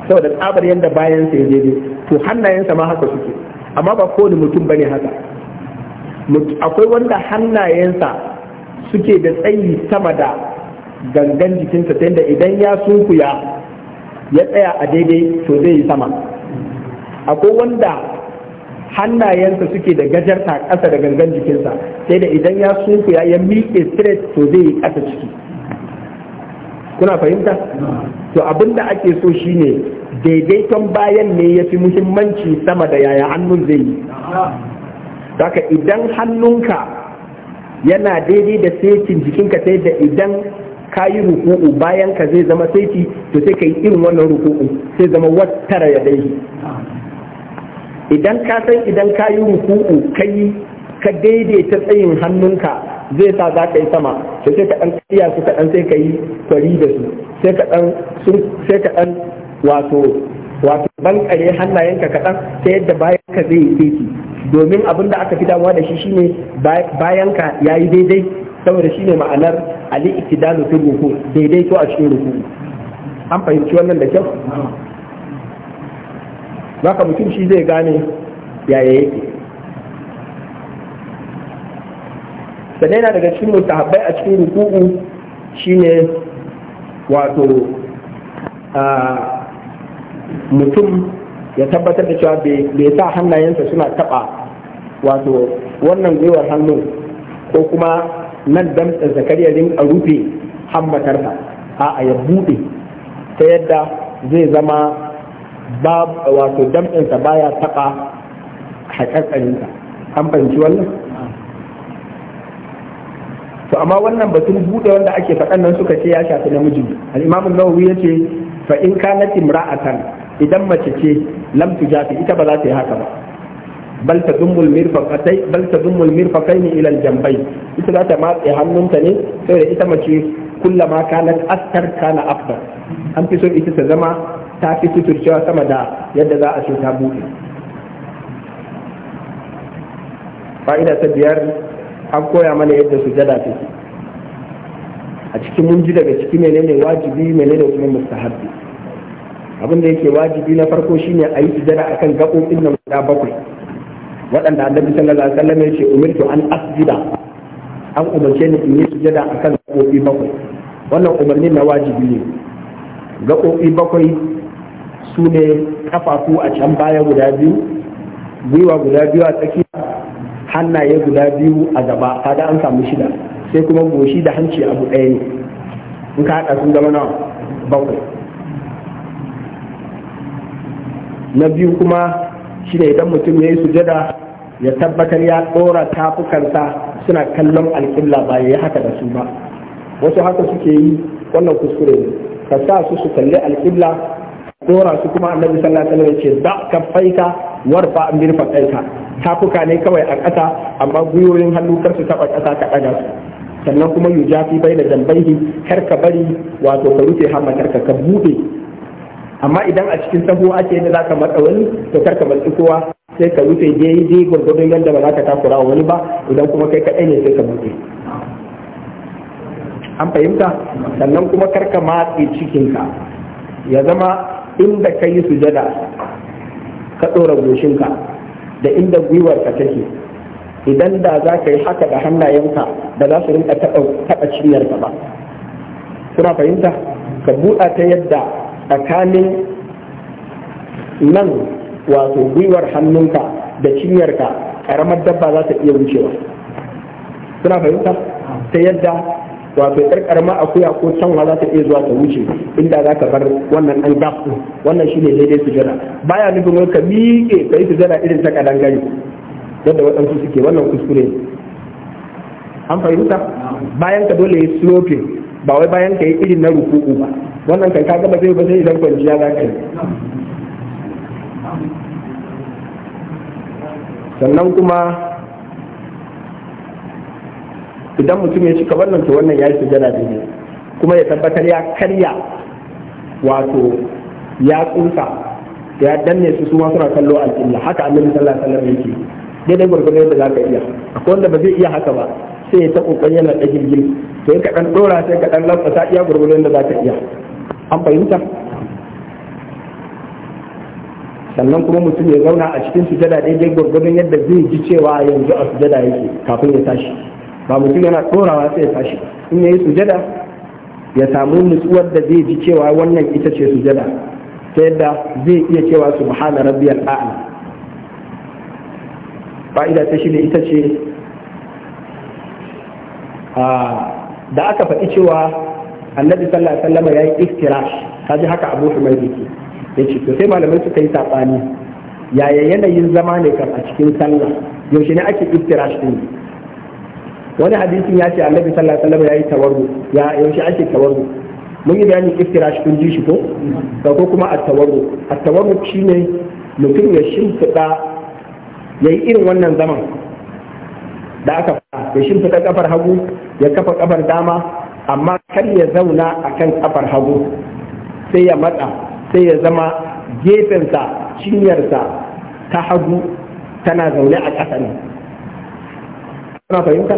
saboda abar yanda bayansa ya daidai to hannayensa ma haka suke amma ba kowane mutum bane haka akwai wanda hannayensa suke da tsayi sama da gangan jikinsa ta yadda idan ya sunkuya ya tsaya a daidai to zai yi sama akwai wanda hannayensa suke da gajarta ƙasa da gangan jikinsa sai da idan ya sunku ya miƙe straight to zai yi ƙasa ciki kuna fahimta to abin da ake so shine daidaiton bayan ne ya fi muhimmanci sama da yaya hannun zai yi daga idan hannunka yana daidai da setin jikinka sai da idan ka yi ruku'u bayan ka zai zama saiti to sai ka yi irin wannan ruku'u sai zama wattara ya daidai idan ka san idan ka yi ruku'u kai ka daidaita tsayin hannunka zai sa za ka yi sama sai sai ka dan kiya su ka dan sai ka yi kwari da su sai ka dan sai ka dan wato wato ban kare hannayenka kaɗan sai yadda bayan ka zai yi domin abin da aka fi damuwa da shi shine bayan ka yayi daidai saboda shine ma'anar ali iktidalu fil ruku to a cikin ruku an fahimci wannan da kyau zaka mutum shi zai gane yaya yake sannan yana daga cikin mutahabbai a cikin ruku'u shine wato mutum ya tabbatar da cewa bai sa hannayensa suna taba wato wannan gwiwar hannun ko kuma nan damtsa zakariya din a rufe hammatarsa a ya buɗe ta yadda zai zama wato damɗinsa baya taɓa haƙaƙarinsa an fahimci wannan to amma wannan batun buɗe wanda ake faɗan nan suka ce ya shafi namiji al-imam an-nawawi yace fa in kanat imra'atan idan mace ce lam tujati ita ba za ta yi haka ba bal dumul mirfaqatay bal dumul mirfaqayni ila al-janbay ita za ta matse hannunta ne da ita mace kullama kanat astar kana afdal an fi so ita ta zama ta fi suturcewa sama da yadda za a ce ta buɗe fa'ida ta biyar an koya mana yadda sujada take a cikin mun ji daga ciki menene wajibi menene kuma mustahabbi abin da yake wajibi na farko shine a yi sujada akan gaɓoɓin nan guda bakwai waɗanda annabi sallallahu alaihi wasallam ya ce umirtu an asjida an umarce ni in yi sujada akan gaɓoɓi bakwai wannan umarni na wajibi ne gaɓoɓi bakwai su ne kafafu a can baya guda biyu gwiwa guda biyu a tsakiya hannaye guda biyu a gaba kaga an samu shida sai kuma goshi da hanci abu ɗaya ne in ka haɗa sun zama nawa bakwai na biyu kuma shi ne idan mutum ya yi sujada ya tabbatar ya ɗora tafukansa suna kallon alƙibla ba ya yi haka da su ba wasu haka suke yi wannan kuskure ne ka sa su su kalli alƙibla dora su kuma annabi sallallahu alaihi wasallam ce da faika warfa an bir fakaika tafuka ne kawai a ƙasa amma guyoyin hannu kar su taba ƙasa ka ɗaga su sannan kuma jafi bai da dambaihi kar ka bari wato ka rufe hammatar ka ka buɗe amma idan a cikin sabo ake yadda zaka matsa wani to kar ka matsi kowa sai ka rufe daidai gwargwadon yadda ba za ka takura wani ba idan kuma kai kaɗai ne sai ka buɗe an fahimta sannan kuma kar ka matse cikinka ya zama inda ka yi sujada ka ɗora goshinka da inda gwiwarka take idan da za ka yi haka da hannayenka da za su rinka taɓa cinyarka ba kuna fahimta ka buɗa ta yadda tsakanin nan wato gwiwar hannunka da cinyarka ƙaramar dabba za ta iya wucewa kuna fahimta ta yadda wato yar a kuya ko wa za ta iya zuwa ta wuce inda za ka bar wannan an gafin wannan shi ne daidai sujada baya nufin wani ka miƙe ka yi sujada irin ta gani yadda waɗansu suke wannan kuskure an fahimta bayan ka dole ya sloping ba wai bayan ka yi irin na rukuku ba wannan kan ka gaba zai ba sai idan kwanciya za ka yi sannan kuma idan mutum ya cika wannan to wannan ya yi sujada ne kuma ya tabbatar ya karya wato ya tsunsa ya danne su su suna kallo alƙilla haka annabi sallallahu alaihi wasallam yake daidai gurgurai yadda za ka iya akwai wanda ba zai iya haka ba sai ya ta kokari yana da girgin sai ka dan dora sai ka dan lafasa iya gurgurai yadda za ka iya an fahimta sannan kuma mutum ya zauna a cikin sujada daidai gwargwadon yadda zai ji cewa yanzu a sujada yake kafin ya tashi ba mutum yana ɗorawa sai ya tashi in ya yi sujada ya samu nutsuwar da zai ji cewa wannan ita ce sujada ta yadda zai iya cewa subhana rabbiyar a'la fa'ida ta shine ita ce da aka faɗi cewa annabi sallallahu alaihi wasallam ya yi iftirash ta ji haka abu mai yake ya ce to sai malamai suka yi saɓani yaya yanayin zama ne kan a cikin sallah yaushe ne ake iftirash din wani hadisin ya ce annabi sallallahu alaihi wasallam yayi tawarru ya yaushe ake tawarru mun yi bayani iftirash kun ji shi ko da ko kuma at-tawarru at-tawarru shine mutum ya shimfida yayi irin wannan zaman da aka ya shimfida kafar hagu ya kafa kafar dama amma kar ya zauna akan kafar hagu sai ya matsa sai ya zama Gefen gefensa cinyarsa ta hagu tana zaune a ƙasa ne kuna fahimta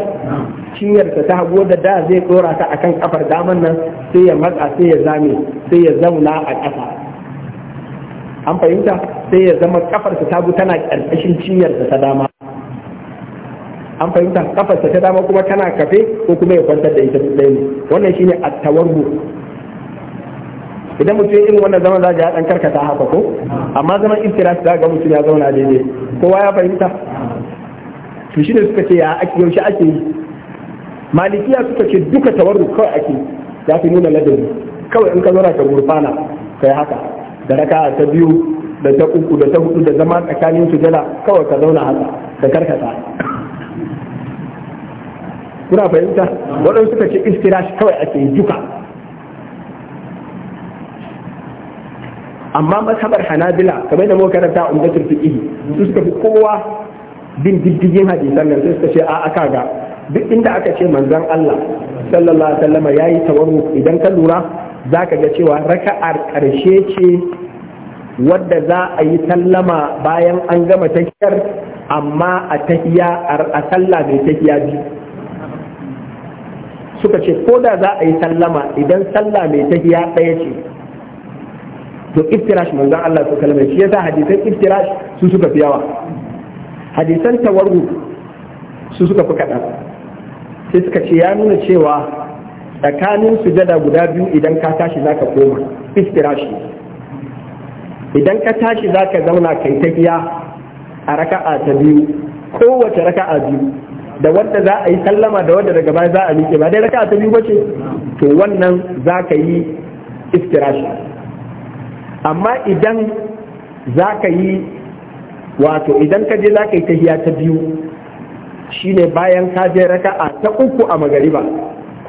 ciyar ta hagu da da zai dora ta akan kafar daman nan sai ya matsa sai ya zame sai ya zauna a ƙasa an fahimta sai ya zama kafar ta tana ƙarƙashin ciyarsa ta dama an fahimta kafar ta dama kuma tana kafe ko kuma ya kwantar da ita ɗaya ne wannan shine at-tawarru idan mutum irin wannan zaman za ga ya dan karkata haka ko amma zaman istirahat za ga mutum ya zauna daidai kowa ya fahimta to shi ne suka ce ya ake yaushe ake yi malikiya suka ce duka tawarru kawai ake ya fi nuna ladabi kawai in ka zauna ka gurfana ka yi haka da raka ta biyu da ta uku da ta hudu da zama tsakanin su jala kawai ka zauna haka ka karkata kuna fahimta waɗansu suka ce istirash kawai ake yi duka amma mazhabar hanabila kamar da muka karanta umdatul fiqh su suka fi kowa bin diddigin hadisan nan sai suka ce a aka ga duk inda aka ce manzon Allah sallallahu alaihi wasallam yayi tawarruk idan ka lura zaka ga cewa raka'ar karshe ce wadda za a yi sallama bayan an gama tahiyar amma a tahiya a sallah mai tahiya biyu suka ce ko da za a yi sallama idan sallah mai tahiya ɗaya ce to iftirash manzon Allah sallallahu alaihi wasallam shi yasa hadisan iftirash su suka fi yawa hadisan tawarru su suka fi kaɗan sai suka ce ya nuna cewa tsakanin sujada guda biyu idan ka tashi za ka koma istirashi idan ka tashi za ka zauna kai ta a raka'a ta biyu kowace raka'a biyu da wanda za a yi sallama da wanda daga baya za a miƙe ba dai raka'a ta biyu ba ce to wannan za ka yi istirashi amma idan za ka yi wato idan ka je za ka yi tahiya ta biyu shine bayan ka je raka'a ta uku a magariba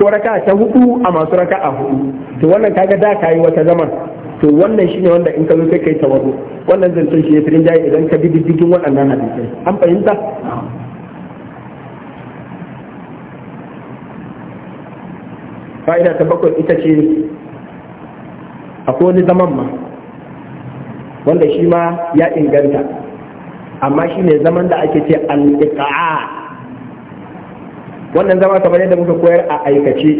ko raka'a ta hudu a masu raka'a hudu to wannan kaga da kayi wata zaman to wannan shine wanda in ka zo sai kai tawazu wannan zancen shi ya firin jayi idan ka bi diddigin waɗannan hadisai an fahimta fa'ida ta bakwai ita ce akwai wani zaman ma wanda shi ma ya inganta amma shi ne zaman da ake ce al-iqa'a wannan zama kamar yadda muka koyar a aikace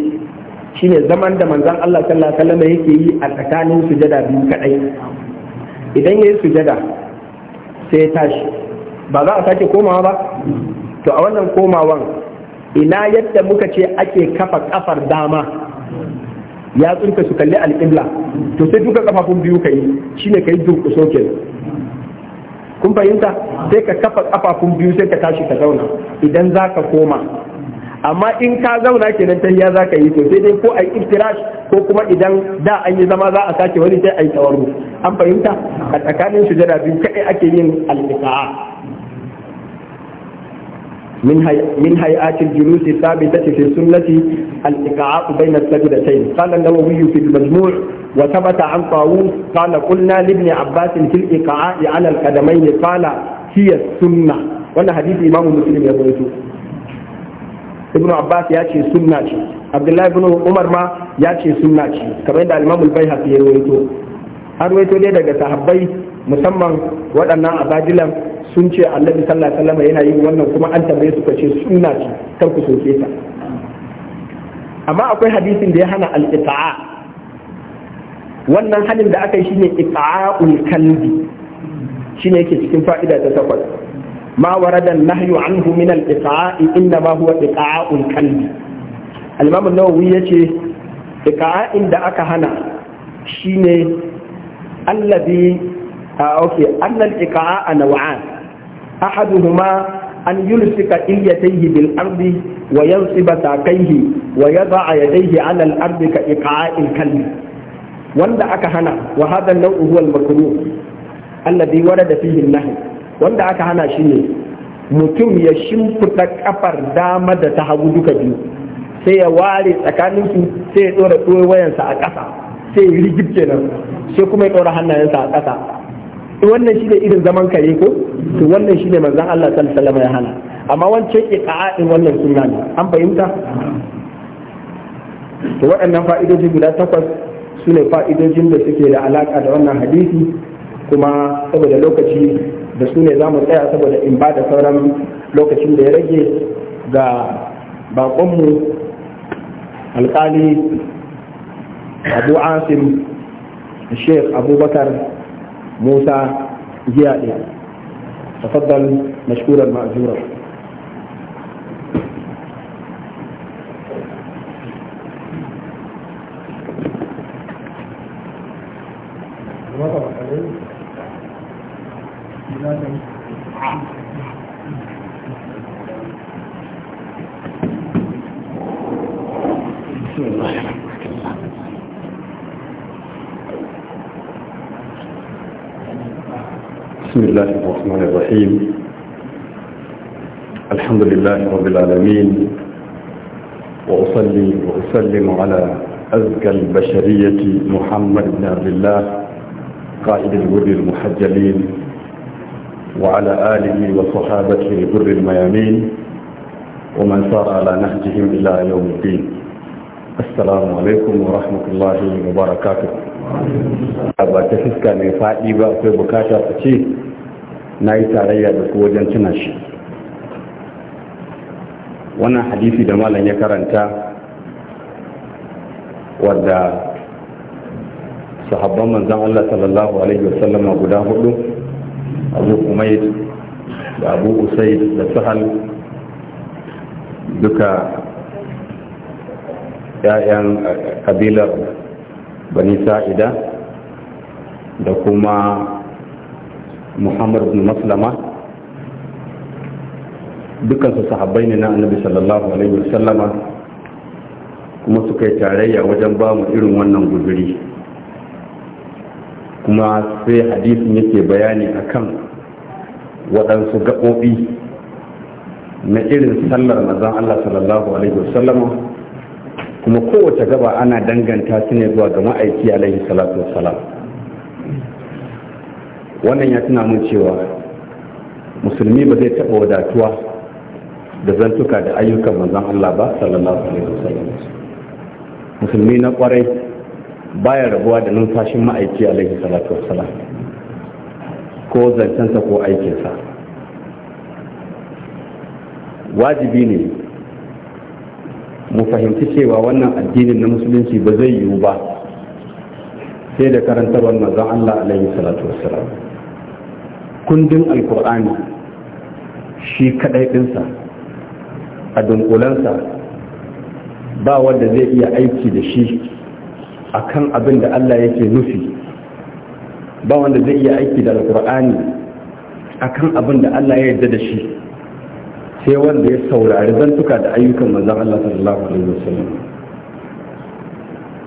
shi ne zaman da manzan Allah sallallahu alaihi wasallam yake yi a tsakanin sujada biyu kadai idan yayi sujada sai ya tashi ba za a sake komawa ba to a wannan komawan ina yadda muka ce ake kafa kafar dama ya tsurka su kalli alƙibla to sai duka kafafun biyu ka kai shine yi durƙuso kenan kun fahimta sai ka kafa kafafun biyu sai ka tashi ka zauna idan za ka koma amma in ka zauna kenan tahiya za ka yi to sai dai ko a iftirash ko kuma idan da an yi zama za a sake wani sai a yi tawarru an fahimta a tsakanin sujada biyu kaɗai ake yin al من هيئات الجلوس الثابتة في السنة الإقعاء بين السجدتين قال النووي في المجموع وثبت عن طاووس قال قلنا لابن عباس في الإقعاء على القدمين قال هي السنة وأنا حديث إمام مسلم يقول ابن عباس ياتي سنة Abdullahi bin Umar ma ya ce sunna ce kamar yadda Al-Imam Al-Baihaqi ya rawaito an rawaito dai daga sahabbai musamman waɗannan abajilan sun ce annabi sallallahu alaihi wasallam yana yin wannan kuma an tambaye su kace sunna ce kar ku soke ta amma akwai hadisin da ya hana al-ita'a wannan halin da aka yi shine ita'a'ul kalbi shine yake cikin fa'ida ta takwas ma warada nahyu anhu min al-ita'i inna ma huwa ita'a'ul kalbi al-imam an-nawawi yace ita'a'in da aka hana shine allazi آه، اوكي ان الاقاء نوعان احدهما ان يلصق اليتيه بالارض وينصب ساقيه ويضع يديه على الارض كإقعاء الكلب وندا اكا وهذا النوع هو المكروه الذي ورد فيه النهي وندا اكا هنا شنو mutum ya shimfuta kafar dama da ta hagu duka biyu sai ya ware tsakaninsu sai ya ɗora tsohon wayansa a ƙasa sai wannan shi ne irin zaman kare ko to wannan shi ne manzan Allah sallallahu ya hana amma wancan ke ka'adin wannan sunna ne an fahimta to waɗannan fa'idoji guda takwas su ne fa'idojin da suke da alaƙa da wannan hadisi kuma saboda lokaci da su ne za mu tsaya saboda in ba da sauran lokacin da ya rage ga baƙonmu alƙali abu asim sheikh abubakar موسى زيادة تفضل مشكورا مأجورا بسم الله بسم الله الرحمن الرحيم الحمد لله رب العالمين وأصلي وأسلم على أزكى البشرية محمد بن عبد الله قائد الغر المحجلين وعلى آله وصحابته الغر الميامين ومن سار على نهجهم إلى يوم الدين السلام عليكم ورحمة الله وبركاته ba ta fiska mai faɗi ba akwai bukata su ce na yi tarayya da ku wajen tuna shi wannan hadisi da malam ya karanta wadda sahabban manzan Allah sallallahu alaihi wasallama guda hudu abu umaid da abu usaid da sahal duka 'ya'yan kabilar bani sa'ida da kuma muhammad bin maslama dukansu sahabbai ne na annabi sallallahu alaihi wasallama kuma suka yi tarayya wajen ba mu irin wannan guduri kuma sai hadisin yake bayani akan waɗansu gaɓoɓi na irin sallar mazan allah sallallahu alaihi wasallama kuma kowace gaba ana danganta su ne zuwa ga ma'aiki alaihi salatu wassalam wannan ya tuna mun cewa musulmi ba zai taɓa wadatuwa da zantuka da ayyukan manzon Allah ba sallallahu alaihi wasallam musulmi na kwarai baya rabuwa da numfashin ma'aiki alaihi salatu wassalam ko zancensa ko aikinsa wajibi ne mu fahimci cewa wannan addinin na musulunci ba zai yiwu ba sai da karantarwar manzon Allah alaihi salatu wassalam kundin alkur'ani shi kadai dinsa a dunkulansa ba wanda zai iya aiki da shi akan abin da Allah yake nufi ba wanda zai iya aiki da alkur'ani akan abin da Allah ya yarda da shi sai wanda ya saurari zantuka da ayyukan manzan Allah sallallahu alaihi wasallam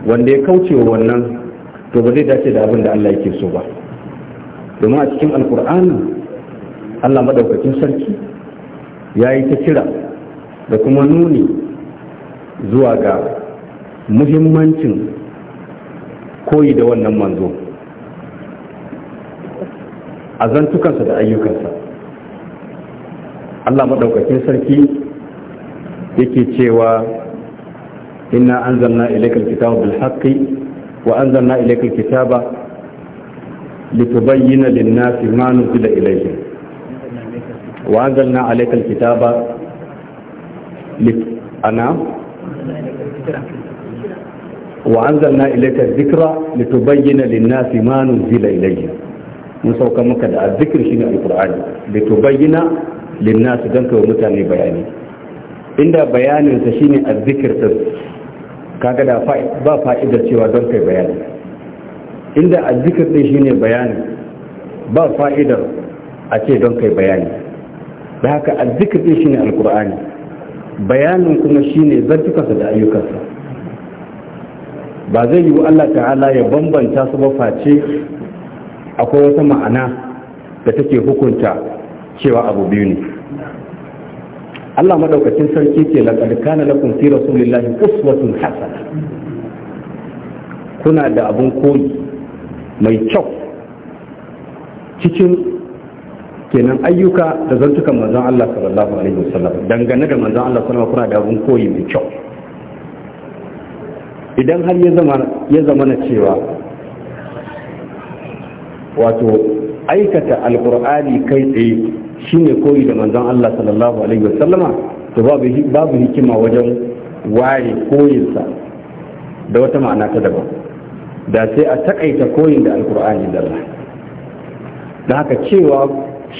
wanda ya kauce wa wannan to ba zai dace da abin da Allah yake so ba domin a cikin alkur'ani Allah madaukakin sarki ya yi ta kira da kuma nuni zuwa ga muhimmancin koyi da wannan manzo a zantukansa da ayyukansa Allah madaukakin sarki yake cewa inna anzalna ilaykal kitaba bil haqqi wa anzalna ilaykal kitaba litubayyana linnasi nasi ma nuzila ilayhim wa anzalna alaykal kitaba ana wa anzalna ilayka dhikra litubayyana lin-nasi ma nuzila ilayhim mun sauka muka da a azzikr shine alqur'ani litubayyana linnas don kawo mutane bayani inda bayaninsa shine azzikir din kaga da ba fa'idar cewa don kai bayani inda azzikir shi shine bayani ba fa'idar a ce don kai bayani da haka azzikir shi shine alkur'ani bayanin kuma shine zartukansa da ayyukansa ba zai yi Allah ta'ala ya bambanta su ba face akwai wata ma'ana da take hukunta cewa abu biyu ne Allah madaukakin sarki ke laqad kana lakum fi rasulillahi uswatun hasana kuna da abun koyi mai kyau cikin kenan ayyuka da zantukan manzon Allah sallallahu alaihi wasallam dangane da manzon Allah sallallahu kuna da abun koyi mai kyau idan har ya zama ya zama na cewa wato aikata alkur'ani kai tsaye shine koyi da manzon Allah sallallahu alaihi wasallama to babu hikima wajen ware koyinsa da wata ma'ana ta daban da sai a takaita koyin da alkur'ani da Allah da haka cewa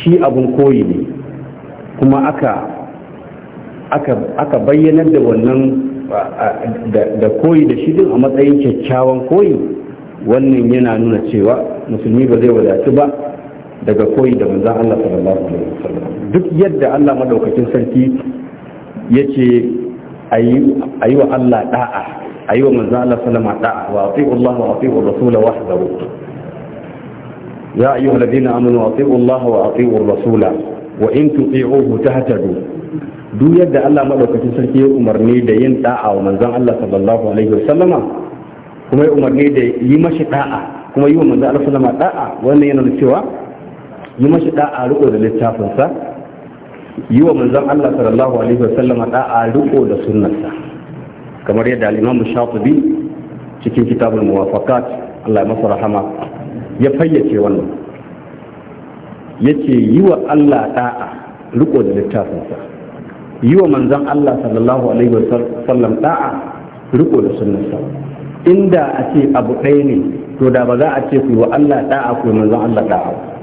shi abun koyi ne kuma aka aka bayyanar da wannan da koyi da shi din a matsayin kyakkyawan koyi wannan yana nuna cewa musulmi ba zai wadatu ba daga koyi da manzan Allah sallallahu alaihi wasallam duk yadda Allah madaukakin sarki yace ayi wa Allah da'a ayi wa manzan Allah sallama da'a wa ati'u Allah wa ati'u rasul wahdahu ya ayyuhal ladina amanu ati'u Allah wa ati'u rasul wa in tuti'uhu tahtadu duk yadda Allah madaukakin sarki ya umarni da yin da'a wa manzan Allah sallallahu alaihi wasallama kuma ya umarni da yi mashi da'a kuma yi wa manzan Allah sallama da'a wannan yana da cewa yi mashi da'a riko da littafinsa yi wa Manzan Allah sallallahu alaihi wa wasallama da'a riko da sunnarsa kamar yadda al-Imam Shatibi cikin kitabul muwafaqat Allah ya masa rahama ya fayyace wannan yace yi wa Allah da'a riko da littafinsa yi wa Manzan Allah sallallahu alaihi wa sallam da'a riko da sunnarsa inda a ce abu ɗaya ne to da ba za a ce ku yi wa Allah da'a ku yi manzon Allah da'a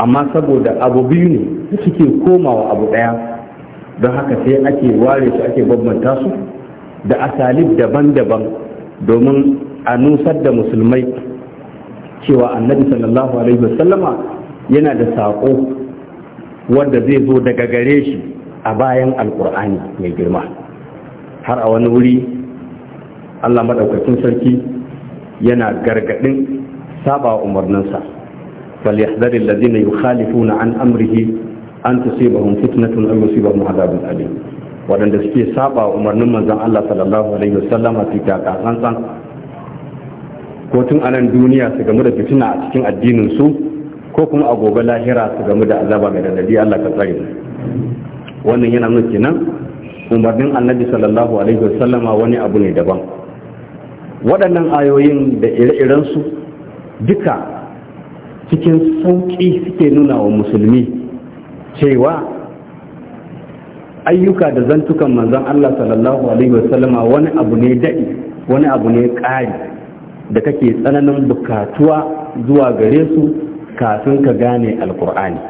amma saboda abu biyu ne suke komawa abu ɗaya don haka sai ake ware su ake bambanta su da asalib daban-daban domin a nusar da musulmai cewa annabi sallallahu alaihi wasallama yana da saƙo wanda zai zo daga gare shi a bayan alkur'ani mai girma har a wani wuri allah maɗaukacin sarki yana gargaɗin saba umarninsa فليحذر الذين يخالفون عن أمره أن تصيبهم فتنة أو يصيبهم عذاب أليم waɗanda suke saba umarnin manzon Allah sallallahu alaihi wasallam a fika ka tsantsan ko tun anan duniya su gamu da a cikin addinin su ko kuma a gobe lahira su gamu da azaba mai dandadi Allah ka tsare wannan yana nuna kenan umarnin annabi sallallahu wani abu ne daban waɗannan ayoyin da ire-irensu duka cikin sauƙi suke nuna wa musulmi cewa ayyuka da zantukan manzon Allah sallallahu alaihi wasallama wani abu ne daɗi wani abu ne ƙari da kake tsananin bukatuwa zuwa gare su kafin ka gane alkur'ani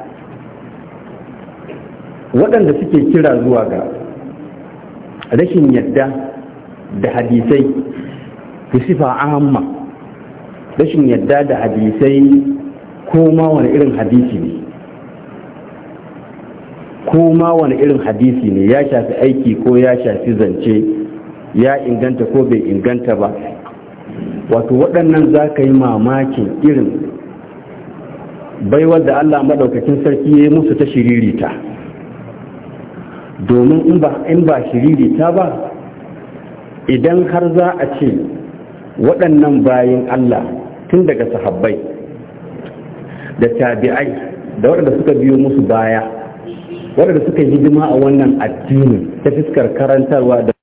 waɗanda suke kira zuwa ga rashin yadda da hadisai fi sifa amma rashin yadda da hadisai ko ma wani irin hadisi ne ko ma wani irin hadisi ne ya shafi aiki ko ya shafi zance ya inganta ko bai inganta ba wato waɗannan za ka yi mamakin irin baiwar da allah maɗaukakin sarki ya yi musu ta shiririta domin in ba shiririta ba idan har za a ce waɗannan bayan allah tun daga sahabbai da tabi'ai da waɗanda suka biyo musu baya waɗanda suka yi hidima a wannan addini ta fiskar karantarwa da